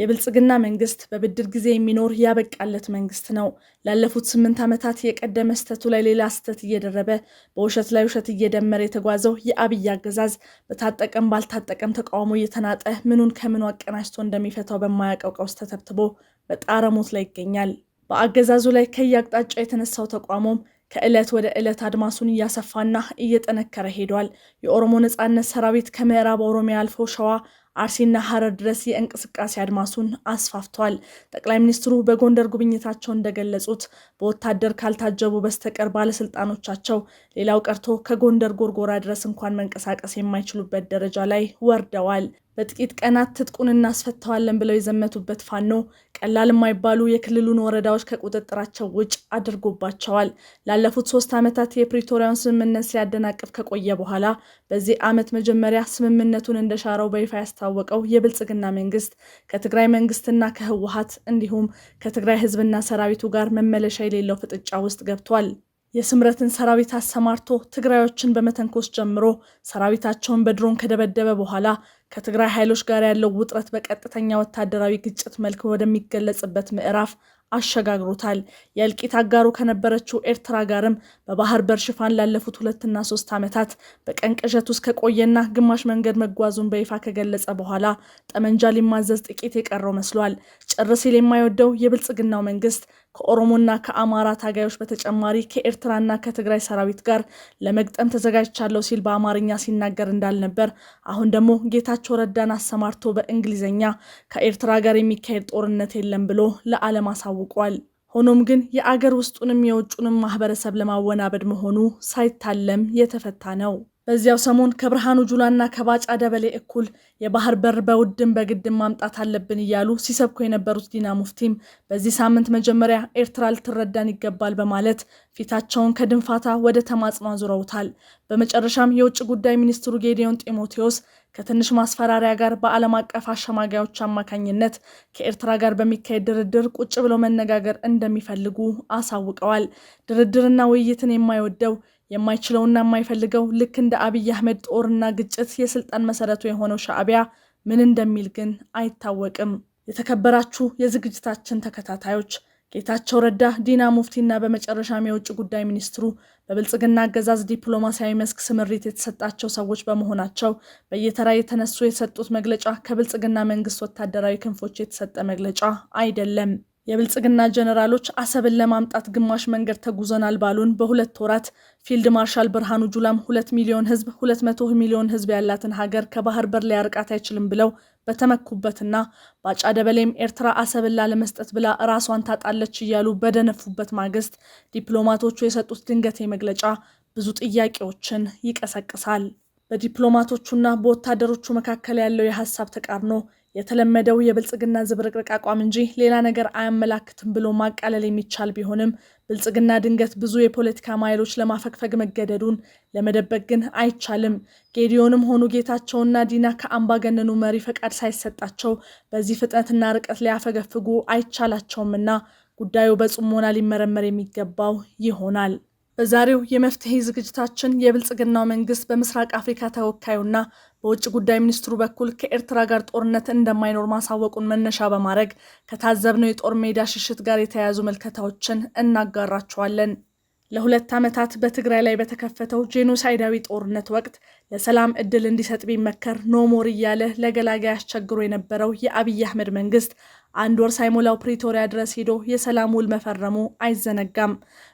የብልጽግና መንግስት በብድር ጊዜ የሚኖር ያበቃለት መንግስት ነው። ላለፉት ስምንት ዓመታት የቀደመ ስህተቱ ላይ ሌላ ስህተት እየደረበ በውሸት ላይ ውሸት እየደመረ የተጓዘው የአብይ አገዛዝ በታጠቀም ባልታጠቀም ተቃውሞ እየተናጠ ምኑን ከምኑ አቀናጅቶ እንደሚፈታው በማያውቀው ቀውስ ተተብትቦ በጣረሞት ላይ ይገኛል። በአገዛዙ ላይ ከየአቅጣጫ የተነሳው ተቋሞም ከዕለት ወደ ዕለት አድማሱን እያሰፋና እየጠነከረ ሄዷል። የኦሮሞ ነጻነት ሰራዊት ከምዕራብ ኦሮሚያ አልፎ ሸዋ አርሲና ሐረር ድረስ የእንቅስቃሴ አድማሱን አስፋፍቷል። ጠቅላይ ሚኒስትሩ በጎንደር ጉብኝታቸው እንደገለጹት በወታደር ካልታጀቡ በስተቀር ባለስልጣኖቻቸው ሌላው ቀርቶ ከጎንደር ጎርጎራ ድረስ እንኳን መንቀሳቀስ የማይችሉበት ደረጃ ላይ ወርደዋል። በጥቂት ቀናት ትጥቁን እናስፈተዋለን ብለው የዘመቱበት ፋኖ ቀላል የማይባሉ የክልሉን ወረዳዎች ከቁጥጥራቸው ውጭ አድርጎባቸዋል። ላለፉት ሶስት ዓመታት የፕሪቶሪያውን ስምምነት ሲያደናቅፍ ከቆየ በኋላ በዚህ ዓመት መጀመሪያ ስምምነቱን እንደሻረው በይፋ ያስታወቀው የብልጽግና መንግስት ከትግራይ መንግስትና ከህወሀት እንዲሁም ከትግራይ ህዝብና ሰራዊቱ ጋር መመለሻ የሌለው ፍጥጫ ውስጥ ገብቷል። የስምረትን ሰራዊት አሰማርቶ ትግራዮችን በመተንኮስ ጀምሮ ሰራዊታቸውን በድሮን ከደበደበ በኋላ ከትግራይ ኃይሎች ጋር ያለው ውጥረት በቀጥተኛ ወታደራዊ ግጭት መልክ ወደሚገለጽበት ምዕራፍ አሸጋግሮታል። የእልቂት አጋሩ ከነበረችው ኤርትራ ጋርም በባህር በር ሽፋን ላለፉት ሁለትና ሶስት ዓመታት በቀን ቅዠት ውስጥ ከቆየና ግማሽ መንገድ መጓዙን በይፋ ከገለጸ በኋላ ጠመንጃ ሊማዘዝ ጥቂት የቀረው መስሏል። ጭር ሲል የማይወደው የብልጽግናው መንግስት ከኦሮሞና ከአማራ ታጋዮች በተጨማሪ ከኤርትራና ከትግራይ ሰራዊት ጋር ለመግጠም ተዘጋጅቻለሁ ሲል በአማርኛ ሲናገር እንዳልነበር፣ አሁን ደግሞ ጌታቸው ረዳን አሰማርቶ በእንግሊዝኛ ከኤርትራ ጋር የሚካሄድ ጦርነት የለም ብሎ ለዓለም አሳውቋል። ሆኖም ግን የአገር ውስጡንም የውጩንም ማህበረሰብ ለማወናበድ መሆኑ ሳይታለም የተፈታ ነው። በዚያው ሰሞን ከብርሃኑ ጁላና ከባጫ ደበሌ እኩል የባህር በር በውድም በግድም ማምጣት አለብን እያሉ ሲሰብኩ የነበሩት ዲና ሙፍቲም በዚህ ሳምንት መጀመሪያ ኤርትራ ልትረዳን ይገባል በማለት ፊታቸውን ከድንፋታ ወደ ተማጽኖ አዙረውታል። በመጨረሻም የውጭ ጉዳይ ሚኒስትሩ ጌዲዮን ጢሞቴዎስ ከትንሽ ማስፈራሪያ ጋር በዓለም አቀፍ አሸማጋዮች አማካኝነት ከኤርትራ ጋር በሚካሄድ ድርድር ቁጭ ብለው መነጋገር እንደሚፈልጉ አሳውቀዋል። ድርድርና ውይይትን የማይወደው የማይችለውና የማይፈልገው ልክ እንደ አብይ አህመድ ጦርና ግጭት የስልጣን መሰረቱ የሆነው ሻዕቢያ ምን እንደሚል ግን አይታወቅም። የተከበራችሁ የዝግጅታችን ተከታታዮች ጌታቸው ረዳ፣ ዲና ሙፍቲና በመጨረሻም የውጭ ጉዳይ ሚኒስትሩ በብልጽግና አገዛዝ ዲፕሎማሲያዊ መስክ ስምሪት የተሰጣቸው ሰዎች በመሆናቸው በየተራ የተነሱ የሰጡት መግለጫ ከብልጽግና መንግስት ወታደራዊ ክንፎች የተሰጠ መግለጫ አይደለም። የብልጽግና ጀነራሎች አሰብን ለማምጣት ግማሽ መንገድ ተጉዘናል ባሉን በሁለት ወራት ፊልድ ማርሻል ብርሃኑ ጁላም ሁለት ሚሊዮን ህዝብ ሁለት መቶ ሚሊዮን ህዝብ ያላትን ሀገር ከባህር በር ሊያርቃት አይችልም ብለው በተመኩበትና ባጫ ደበሌም ኤርትራ አሰብን ላለመስጠት ብላ ራሷን ታጣለች እያሉ በደነፉበት ማግስት ዲፕሎማቶቹ የሰጡት ድንገቴ መግለጫ ብዙ ጥያቄዎችን ይቀሰቅሳል። በዲፕሎማቶቹና በወታደሮቹ መካከል ያለው የሀሳብ ተቃርኖ የተለመደው የብልጽግና ዝብርቅርቅ አቋም እንጂ ሌላ ነገር አያመላክትም ብሎ ማቃለል የሚቻል ቢሆንም ብልጽግና ድንገት ብዙ የፖለቲካ ማይሎች ለማፈግፈግ መገደዱን ለመደበቅ ግን አይቻልም። ጌዲዮንም ሆኑ ጌታቸውና ዲና ከአምባገነኑ መሪ ፈቃድ ሳይሰጣቸው በዚህ ፍጥነትና ርቀት ሊያፈገፍጉ አይቻላቸውምና ጉዳዩ በጽሞና ሊመረመር የሚገባው ይሆናል። በዛሬው የመፍትሄ ዝግጅታችን የብልጽግናው መንግስት በምስራቅ አፍሪካ ተወካዩና በውጭ ጉዳይ ሚኒስትሩ በኩል ከኤርትራ ጋር ጦርነት እንደማይኖር ማሳወቁን መነሻ በማድረግ ከታዘብነው የጦር ሜዳ ሽሽት ጋር የተያያዙ መልከታዎችን እናጋራቸዋለን። ለሁለት ዓመታት በትግራይ ላይ በተከፈተው ጄኖሳይዳዊ ጦርነት ወቅት ለሰላም እድል እንዲሰጥ ቢመከር ኖሞር እያለ ለገላጋይ አስቸግሮ የነበረው የአብይ አህመድ መንግስት አንድ ወር ሳይሞላው ፕሪቶሪያ ድረስ ሄዶ የሰላም ውል መፈረሙ አይዘነጋም።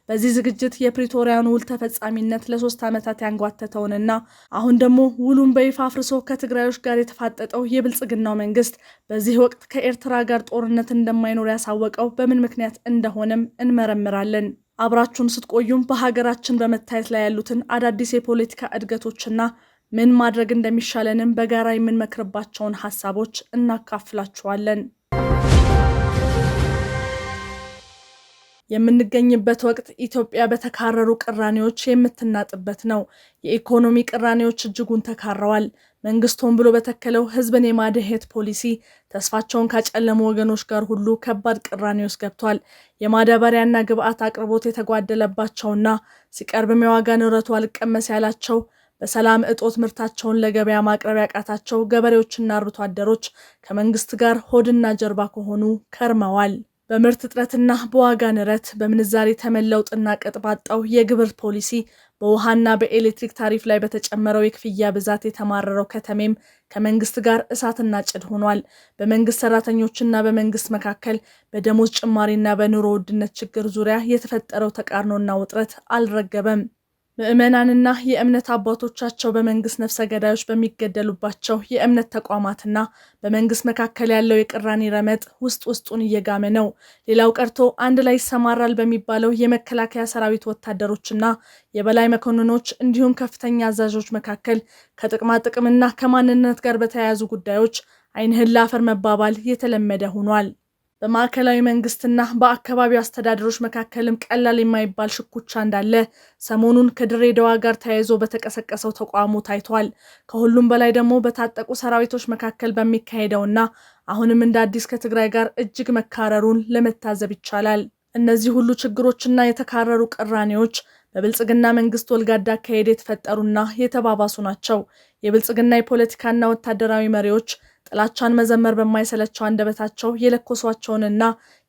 በዚህ ዝግጅት የፕሪቶሪያን ውል ተፈጻሚነት ለሶስት ዓመታት ያንጓተተውንና አሁን ደግሞ ውሉን በይፋ አፍርሶ ከትግራዮች ጋር የተፋጠጠው የብልጽግናው መንግስት በዚህ ወቅት ከኤርትራ ጋር ጦርነት እንደማይኖር ያሳወቀው በምን ምክንያት እንደሆነም እንመረምራለን። አብራችሁን ስትቆዩም በሀገራችን በመታየት ላይ ያሉትን አዳዲስ የፖለቲካ እድገቶችና ምን ማድረግ እንደሚሻለንም በጋራ የምንመክርባቸውን ሀሳቦች እናካፍላችኋለን። የምንገኝበት ወቅት ኢትዮጵያ በተካረሩ ቅራኔዎች የምትናጥበት ነው። የኢኮኖሚ ቅራኔዎች እጅጉን ተካረዋል። መንግስቱን ብሎ በተከለው ህዝብን የማድሄት ፖሊሲ ተስፋቸውን ካጨለሙ ወገኖች ጋር ሁሉ ከባድ ቅራኔ ውስጥ ገብቷል። የማዳበሪያና ግብዓት አቅርቦት የተጓደለባቸውና ሲቀርብም የዋጋ ንረቱ አልቀመስ ያላቸው በሰላም እጦት ምርታቸውን ለገበያ ማቅረብ ያቃታቸው ገበሬዎችና አርብቶ አደሮች ከመንግስት ጋር ሆድና ጀርባ ከሆኑ ከርመዋል። በምርት እጥረትና በዋጋ ንረት በምንዛሬ ተመን ለውጥና ቅጥ ባጣው የግብር ፖሊሲ በውሃና በኤሌክትሪክ ታሪፍ ላይ በተጨመረው የክፍያ ብዛት የተማረረው ከተሜም ከመንግስት ጋር እሳትና ጭድ ሆኗል። በመንግስት ሰራተኞችና በመንግስት መካከል በደሞዝ ጭማሪና በኑሮ ውድነት ችግር ዙሪያ የተፈጠረው ተቃርኖና ውጥረት አልረገበም። ምዕመናንና የእምነት አባቶቻቸው በመንግስት ነፍሰ ገዳዮች በሚገደሉባቸው የእምነት ተቋማትና በመንግስት መካከል ያለው የቅራኔ ረመጥ ውስጥ ውስጡን እየጋመ ነው። ሌላው ቀርቶ አንድ ላይ ይሰማራል በሚባለው የመከላከያ ሰራዊት ወታደሮችና የበላይ መኮንኖች እንዲሁም ከፍተኛ አዛዦች መካከል ከጥቅማ ጥቅምና ከማንነት ጋር በተያያዙ ጉዳዮች አይንህን ለአፈር መባባል የተለመደ ሆኗል። በማዕከላዊ መንግስትና በአካባቢው አስተዳደሮች መካከልም ቀላል የማይባል ሽኩቻ እንዳለ ሰሞኑን ከድሬዳዋ ጋር ተያይዞ በተቀሰቀሰው ተቋሙ ታይቷል። ከሁሉም በላይ ደግሞ በታጠቁ ሰራዊቶች መካከል በሚካሄደውና አሁንም እንደ አዲስ ከትግራይ ጋር እጅግ መካረሩን ለመታዘብ ይቻላል። እነዚህ ሁሉ ችግሮችና የተካረሩ ቅራኔዎች በብልጽግና መንግስት ወልጋዳ አካሄድ የተፈጠሩና የተባባሱ ናቸው። የብልጽግና የፖለቲካና ወታደራዊ መሪዎች ጥላቻን መዘመር በማይሰለቸው አንደበታቸው የለኮሷቸውንና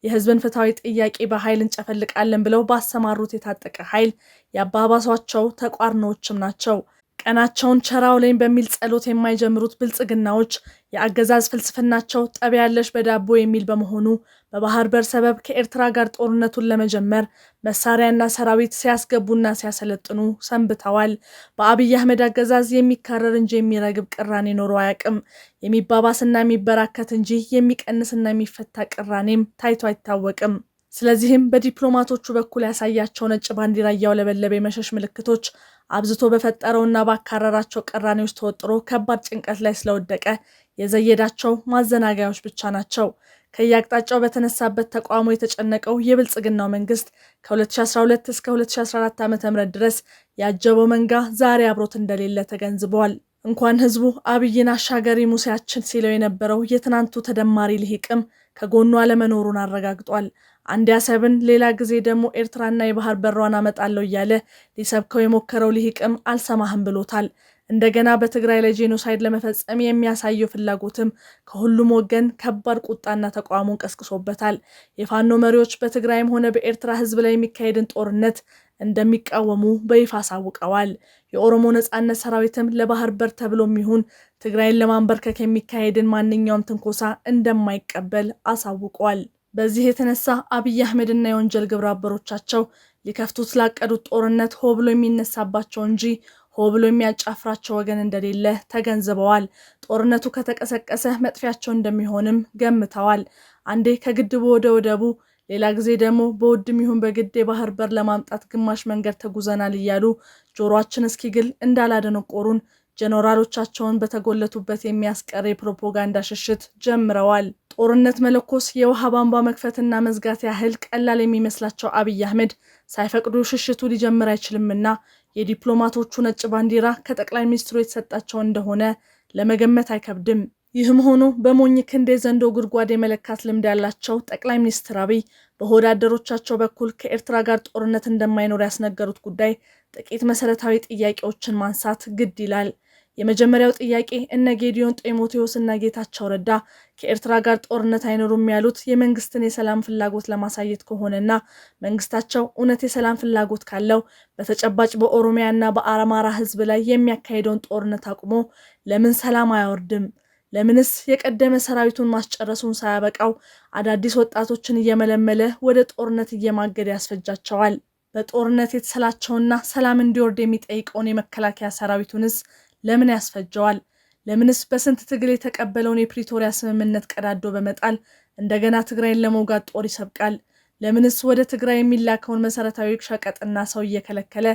የህዝብን ፍትሐዊ ጥያቄ በኃይል እንጨፈልቃለን ብለው ባሰማሩት የታጠቀ ኃይል የአባባሷቸው ተቋርኖዎችም ናቸው። ቀናቸውን ቸራው ላይም በሚል ጸሎት የማይጀምሩት ብልጽግናዎች የአገዛዝ ፍልስፍናቸው ጠብ ያለሽ በዳቦ የሚል በመሆኑ በባህር በር ሰበብ ከኤርትራ ጋር ጦርነቱን ለመጀመር መሳሪያና ሰራዊት ሲያስገቡና ሲያሰለጥኑ ሰንብተዋል። በአብይ አህመድ አገዛዝ የሚካረር እንጂ የሚረግብ ቅራኔ ኖሮ አያውቅም። የሚባባስና የሚበራከት እንጂ የሚቀንስና የሚፈታ ቅራኔም ታይቶ አይታወቅም። ስለዚህም በዲፕሎማቶቹ በኩል ያሳያቸው ነጭ ባንዲራ እያውለበለበ የመሸሽ ምልክቶች አብዝቶ በፈጠረውና ባካረራቸው ቅራኔዎች ተወጥሮ ከባድ ጭንቀት ላይ ስለወደቀ የዘየዳቸው ማዘናጋዮች ብቻ ናቸው። ከየአቅጣጫው በተነሳበት ተቃውሞ የተጨነቀው የብልጽግናው መንግስት ከ2012 እስከ 2014 ዓ ም ድረስ ያጀበው መንጋ ዛሬ አብሮት እንደሌለ ተገንዝበዋል። እንኳን ህዝቡ አብይን አሻገሪ ሙሴያችን ሲለው የነበረው የትናንቱ ተደማሪ ልሂቅም ከጎኑ አለመኖሩን አረጋግጧል። አንድ አሰብን ሌላ ጊዜ ደግሞ ኤርትራና የባህር በሯን አመጣለሁ እያለ ሊሰብከው የሞከረው ልሂቅም አልሰማህም ብሎታል። እንደገና በትግራይ ላይ ጄኖሳይድ ለመፈጸም የሚያሳየው ፍላጎትም ከሁሉም ወገን ከባድ ቁጣና ተቃውሞን ቀስቅሶበታል። የፋኖ መሪዎች በትግራይም ሆነ በኤርትራ ሕዝብ ላይ የሚካሄድን ጦርነት እንደሚቃወሙ በይፋ አሳውቀዋል። የኦሮሞ ነጻነት ሰራዊትም ለባህር በር ተብሎም ይሁን ትግራይን ለማንበርከክ የሚካሄድን ማንኛውም ትንኮሳ እንደማይቀበል አሳውቋል። በዚህ የተነሳ አብይ አህመድና የወንጀል ግብረ አበሮቻቸው ሊከፍቱት ላቀዱት ጦርነት ሆ ብሎ የሚነሳባቸው እንጂ ሆ ብሎ የሚያጫፍራቸው ወገን እንደሌለ ተገንዝበዋል። ጦርነቱ ከተቀሰቀሰ መጥፊያቸው እንደሚሆንም ገምተዋል። አንዴ ከግድቡ ወደ ወደቡ ሌላ ጊዜ ደግሞ በውድም ይሁን በግድ የባህር በር ለማምጣት ግማሽ መንገድ ተጉዘናል እያሉ ጆሮአችን እስኪግል እንዳላደነቆሩን ጀኔራሎቻቸውን በተጎለቱበት የሚያስቀር የፕሮፓጋንዳ ሽሽት ጀምረዋል። ጦርነት መለኮስ፣ የውሃ ቧንቧ መክፈትና መዝጋት ያህል ቀላል የሚመስላቸው አብይ አህመድ ሳይፈቅዱ ሽሽቱ ሊጀምር አይችልምና የዲፕሎማቶቹ ነጭ ባንዲራ ከጠቅላይ ሚኒስትሩ የተሰጣቸው እንደሆነ ለመገመት አይከብድም። ይህም ሆኖ በሞኝ ክንዴ ዘንዶ ጉድጓድ የመለካት ልምድ ያላቸው ጠቅላይ ሚኒስትር አብይ በሆድ አደሮቻቸው በኩል ከኤርትራ ጋር ጦርነት እንደማይኖር ያስነገሩት ጉዳይ ጥቂት መሰረታዊ ጥያቄዎችን ማንሳት ግድ ይላል። የመጀመሪያው ጥያቄ እነ ጌዲዮን ጢሞቴዎስ እና ጌታቸው ረዳ ከኤርትራ ጋር ጦርነት አይኖሩም ያሉት የመንግስትን የሰላም ፍላጎት ለማሳየት ከሆነና መንግስታቸው እውነት የሰላም ፍላጎት ካለው በተጨባጭ በኦሮሚያ እና በአማራ ህዝብ ላይ የሚያካሄደውን ጦርነት አቁሞ ለምን ሰላም አያወርድም? ለምንስ የቀደመ ሰራዊቱን ማስጨረሱን ሳያበቃው አዳዲስ ወጣቶችን እየመለመለ ወደ ጦርነት እየማገደ ያስፈጃቸዋል? በጦርነት የተሰላቸውና ሰላም እንዲወርድ የሚጠይቀውን የመከላከያ ሰራዊቱንስ ለምን ያስፈጀዋል? ለምንስ በስንት ትግል የተቀበለውን የፕሪቶሪያ ስምምነት ቀዳዶ በመጣል እንደገና ትግራይን ለመውጋት ጦር ይሰብቃል? ለምንስ ወደ ትግራይ የሚላከውን መሰረታዊ ሸቀጥና ሰው እየከለከለ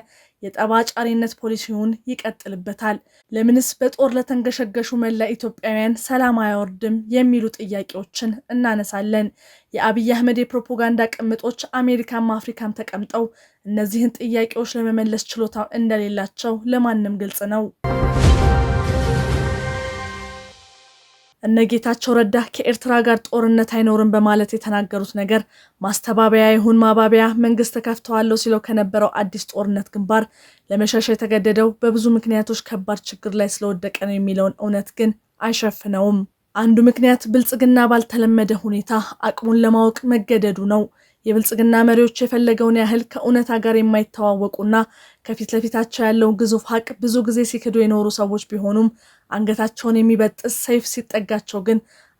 የጠባ ጫሪነት ፖሊሲውን ይቀጥልበታል? ለምንስ በጦር ለተንገሸገሹ መላ ኢትዮጵያውያን ሰላም አያወርድም? የሚሉ ጥያቄዎችን እናነሳለን። የአብይ አህመድ የፕሮፓጋንዳ ቅምጦች አሜሪካም አፍሪካም ተቀምጠው እነዚህን ጥያቄዎች ለመመለስ ችሎታ እንደሌላቸው ለማንም ግልጽ ነው። እነ ጌታቸው ረዳ ከኤርትራ ጋር ጦርነት አይኖርም በማለት የተናገሩት ነገር ማስተባበያ ይሁን ማባበያ መንግስት ተከፍተዋለሁ ሲለው ከነበረው አዲስ ጦርነት ግንባር ለመሸሽ የተገደደው በብዙ ምክንያቶች ከባድ ችግር ላይ ስለወደቀ ነው የሚለውን እውነት ግን አይሸፍነውም። አንዱ ምክንያት ብልጽግና ባልተለመደ ሁኔታ አቅሙን ለማወቅ መገደዱ ነው። የብልጽግና መሪዎች የፈለገውን ያህል ከእውነታ ጋር የማይተዋወቁና ከፊት ለፊታቸው ያለው ግዙፍ ሀቅ ብዙ ጊዜ ሲክዱ የኖሩ ሰዎች ቢሆኑም አንገታቸውን የሚበጥስ ሰይፍ ሲጠጋቸው ግን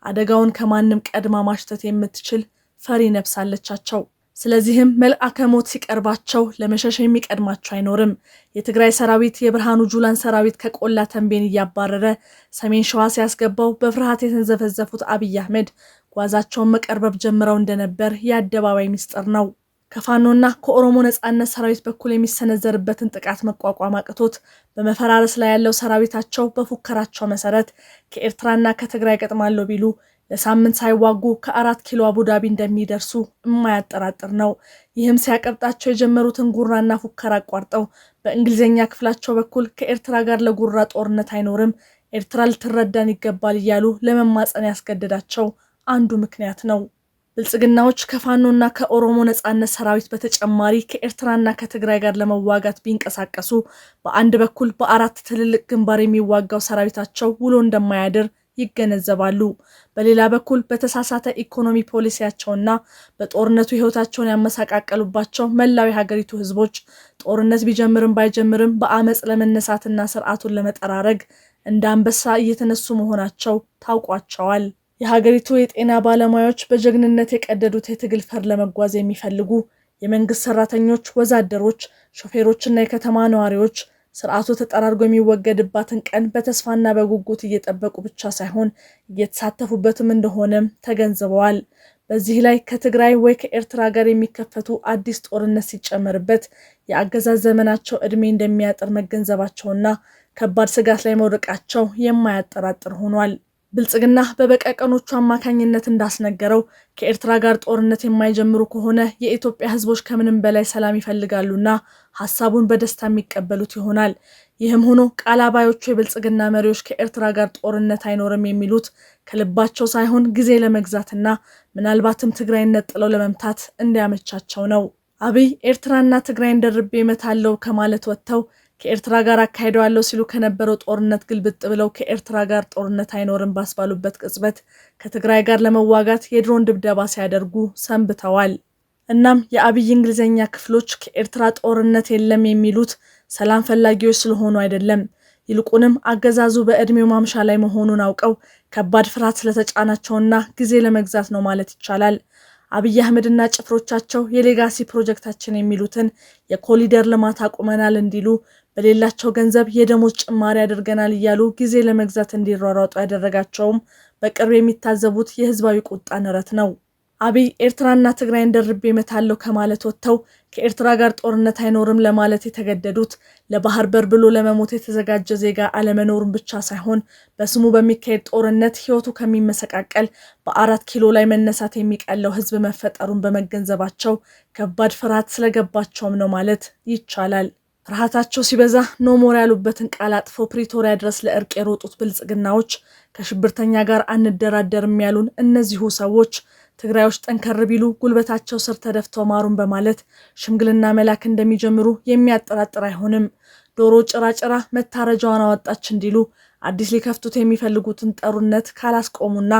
አደጋውን ከማንም ቀድማ ማሽተት የምትችል ፈሪ ነፍስ አለቻቸው። ስለዚህም መልአከ ሞት ሲቀርባቸው ለመሸሽ የሚቀድማቸው አይኖርም። የትግራይ ሰራዊት የብርሃኑ ጁላን ሰራዊት ከቆላ ተንቤን እያባረረ ሰሜን ሸዋ ሲያስገባው በፍርሃት የተንዘፈዘፉት አብይ አህመድ ጓዛቸውን መቀርበብ ጀምረው እንደነበር የአደባባይ ምስጢር ነው። ከፋኖና ከኦሮሞ ነጻነት ሰራዊት በኩል የሚሰነዘርበትን ጥቃት መቋቋም አቅቶት በመፈራረስ ላይ ያለው ሰራዊታቸው በፉከራቸው መሰረት ከኤርትራና ከትግራይ ገጥማለሁ ቢሉ ለሳምንት ሳይዋጉ ከአራት ኪሎ አቡዳቢ እንደሚደርሱ የማያጠራጥር ነው። ይህም ሲያቀብጣቸው የጀመሩትን ጉራና ፉከራ አቋርጠው በእንግሊዝኛ ክፍላቸው በኩል ከኤርትራ ጋር ለጉራ ጦርነት አይኖርም፣ ኤርትራ ልትረዳን ይገባል እያሉ ለመማፀን ያስገደዳቸው አንዱ ምክንያት ነው። ብልጽግናዎች ከፋኖና ከኦሮሞ ነጻነት ሰራዊት በተጨማሪ ከኤርትራና ከትግራይ ጋር ለመዋጋት ቢንቀሳቀሱ በአንድ በኩል በአራት ትልልቅ ግንባር የሚዋጋው ሰራዊታቸው ውሎ እንደማያድር ይገነዘባሉ። በሌላ በኩል በተሳሳተ ኢኮኖሚ ፖሊሲያቸውና በጦርነቱ ህይወታቸውን ያመሰቃቀሉባቸው መላው የሀገሪቱ ህዝቦች ጦርነት ቢጀምርም ባይጀምርም በአመፅ ለመነሳትና ስርዓቱን ለመጠራረግ እንደ አንበሳ እየተነሱ መሆናቸው ታውቋቸዋል። የሀገሪቱ የጤና ባለሙያዎች በጀግንነት የቀደዱት የትግል ፈር ለመጓዝ የሚፈልጉ የመንግስት ሰራተኞች፣ ወዛደሮች፣ ሾፌሮችና የከተማ ነዋሪዎች ስርዓቱ ተጠራርጎ የሚወገድባትን ቀን በተስፋና በጉጉት እየጠበቁ ብቻ ሳይሆን እየተሳተፉበትም እንደሆነም ተገንዝበዋል። በዚህ ላይ ከትግራይ ወይ ከኤርትራ ጋር የሚከፈቱ አዲስ ጦርነት ሲጨመርበት የአገዛዝ ዘመናቸው ዕድሜ እንደሚያጥር መገንዘባቸውና ከባድ ስጋት ላይ መውደቃቸው የማያጠራጥር ሆኗል። ብልጽግና በበቀቀኖቹ አማካኝነት እንዳስነገረው ከኤርትራ ጋር ጦርነት የማይጀምሩ ከሆነ የኢትዮጵያ ሕዝቦች ከምንም በላይ ሰላም ይፈልጋሉና ሀሳቡን በደስታ የሚቀበሉት ይሆናል። ይህም ሆኖ ቃል አባዮቹ የብልጽግና መሪዎች ከኤርትራ ጋር ጦርነት አይኖርም የሚሉት ከልባቸው ሳይሆን ጊዜ ለመግዛትና ምናልባትም ትግራይን ነጥለው ለመምታት እንዲያመቻቸው ነው። አብይ ኤርትራና ትግራይን ደርቤ እመታለሁ ከማለት ወጥተው ከኤርትራ ጋር አካሂደዋለሁ ሲሉ ከነበረው ጦርነት ግልብጥ ብለው ከኤርትራ ጋር ጦርነት አይኖርም ባስባሉበት ቅጽበት ከትግራይ ጋር ለመዋጋት የድሮን ድብደባ ሲያደርጉ ሰንብተዋል። እናም የአብይ እንግሊዝኛ ክፍሎች ከኤርትራ ጦርነት የለም የሚሉት ሰላም ፈላጊዎች ስለሆኑ አይደለም። ይልቁንም አገዛዙ በእድሜው ማምሻ ላይ መሆኑን አውቀው ከባድ ፍርሃት ስለተጫናቸውና ጊዜ ለመግዛት ነው ማለት ይቻላል። አብይ አህመድና ጭፍሮቻቸው የሌጋሲ ፕሮጀክታችን የሚሉትን የኮሊደር ልማት አቁመናል እንዲሉ በሌላቸው ገንዘብ የደሞዝ ጭማሪ አድርገናል እያሉ ጊዜ ለመግዛት እንዲሯሯጡ ያደረጋቸውም በቅርብ የሚታዘቡት የህዝባዊ ቁጣ ንረት ነው። አብይ ኤርትራና ትግራይን ደርቤ እመታለሁ ከማለት ወጥተው ከኤርትራ ጋር ጦርነት አይኖርም ለማለት የተገደዱት ለባህር በር ብሎ ለመሞት የተዘጋጀ ዜጋ አለመኖሩን ብቻ ሳይሆን በስሙ በሚካሄድ ጦርነት ህይወቱ ከሚመሰቃቀል በአራት ኪሎ ላይ መነሳት የሚቀለው ህዝብ መፈጠሩን በመገንዘባቸው ከባድ ፍርሃት ስለገባቸውም ነው ማለት ይቻላል። ፍርሃታቸው ሲበዛ ኖሞር ያሉበትን ቃል አጥፈው ፕሪቶሪያ ድረስ ለእርቅ የሮጡት ብልጽግናዎች ከሽብርተኛ ጋር አንደራደርም ያሉን እነዚሁ ሰዎች ትግራዮች ጠንከር ቢሉ ጉልበታቸው ስር ተደፍተው ማሩን በማለት ሽምግልና መላክ እንደሚጀምሩ የሚያጠራጥር አይሆንም። ዶሮ ጭራጭራ መታረጃዋን አወጣች እንዲሉ አዲስ ሊከፍቱት የሚፈልጉትን ጠሩነት ካላስቆሙና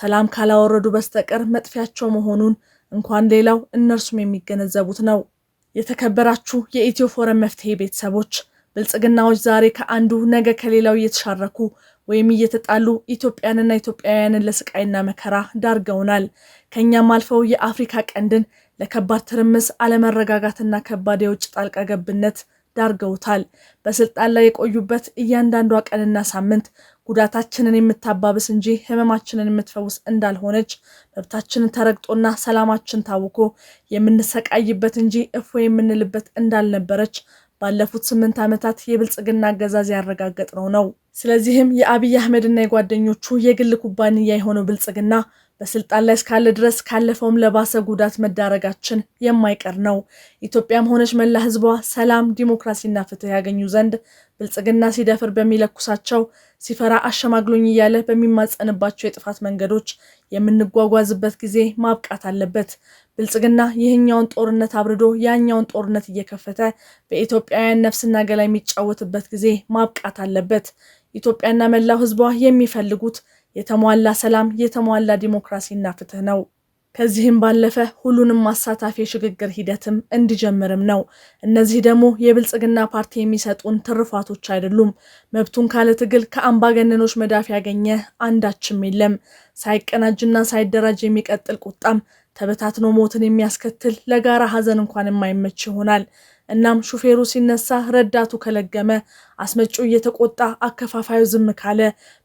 ሰላም ካላወረዱ በስተቀር መጥፊያቸው መሆኑን እንኳን ሌላው እነርሱም የሚገነዘቡት ነው። የተከበራችሁ የኢትዮ ፎረም መፍትሄ ቤተሰቦች ብልጽግናዎች ዛሬ ከአንዱ ነገ ከሌላው እየተሻረኩ ወይም እየተጣሉ ኢትዮጵያንና ኢትዮጵያውያንን ለስቃይና መከራ ዳርገውናል። ከእኛም አልፈው የአፍሪካ ቀንድን ለከባድ ትርምስ፣ አለመረጋጋትና ከባድ የውጭ ጣልቃ ገብነት ዳርገውታል። በስልጣን ላይ የቆዩበት እያንዳንዷ ቀንና ሳምንት ጉዳታችንን የምታባብስ እንጂ ህመማችንን የምትፈውስ እንዳልሆነች፣ መብታችንን ተረግጦና ሰላማችን ታውኮ የምንሰቃይበት እንጂ እፎ የምንልበት እንዳልነበረች ባለፉት ስምንት ዓመታት የብልጽግና አገዛዝ ያረጋገጥነው ነው። ስለዚህም የአብይ አህመድና የጓደኞቹ የግል ኩባንያ የሆነው ብልጽግና በስልጣን ላይ እስካለ ድረስ ካለፈውም ለባሰ ጉዳት መዳረጋችን የማይቀር ነው። ኢትዮጵያም ሆነች መላ ሕዝቧ ሰላም፣ ዲሞክራሲና ፍትህ ያገኙ ዘንድ ብልጽግና ሲደፍር በሚለኩሳቸው ሲፈራ አሸማግሎኝ እያለ በሚማጸንባቸው የጥፋት መንገዶች የምንጓጓዝበት ጊዜ ማብቃት አለበት። ብልጽግና ይህኛውን ጦርነት አብርዶ ያኛውን ጦርነት እየከፈተ በኢትዮጵያውያን ነፍስና ገላ የሚጫወትበት ጊዜ ማብቃት አለበት። ኢትዮጵያና መላው ሕዝቧ የሚፈልጉት የተሟላ ሰላም፣ የተሟላ ዲሞክራሲና ፍትህ ነው። ከዚህም ባለፈ ሁሉንም አሳታፊ የሽግግር ሂደትም እንዲጀምርም ነው። እነዚህ ደግሞ የብልጽግና ፓርቲ የሚሰጡን ትርፋቶች አይደሉም። መብቱን ካለ ትግል ከአምባገነኖች መዳፍ ያገኘ አንዳችም የለም። ሳይቀናጅና ሳይደራጅ የሚቀጥል ቁጣም ተበታትኖ ሞትን የሚያስከትል ለጋራ ሀዘን እንኳን የማይመች ይሆናል። እናም ሹፌሩ ሲነሳ ረዳቱ ከለገመ፣ አስመጪው እየተቆጣ አከፋፋዩ ዝም ካለ፣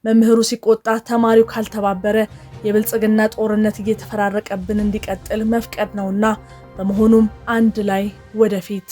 መምህሩ ሲቆጣ ተማሪው ካልተባበረ የብልጽግና ጦርነት እየተፈራረቀብን እንዲቀጥል መፍቀድ ነውና በመሆኑም አንድ ላይ ወደፊት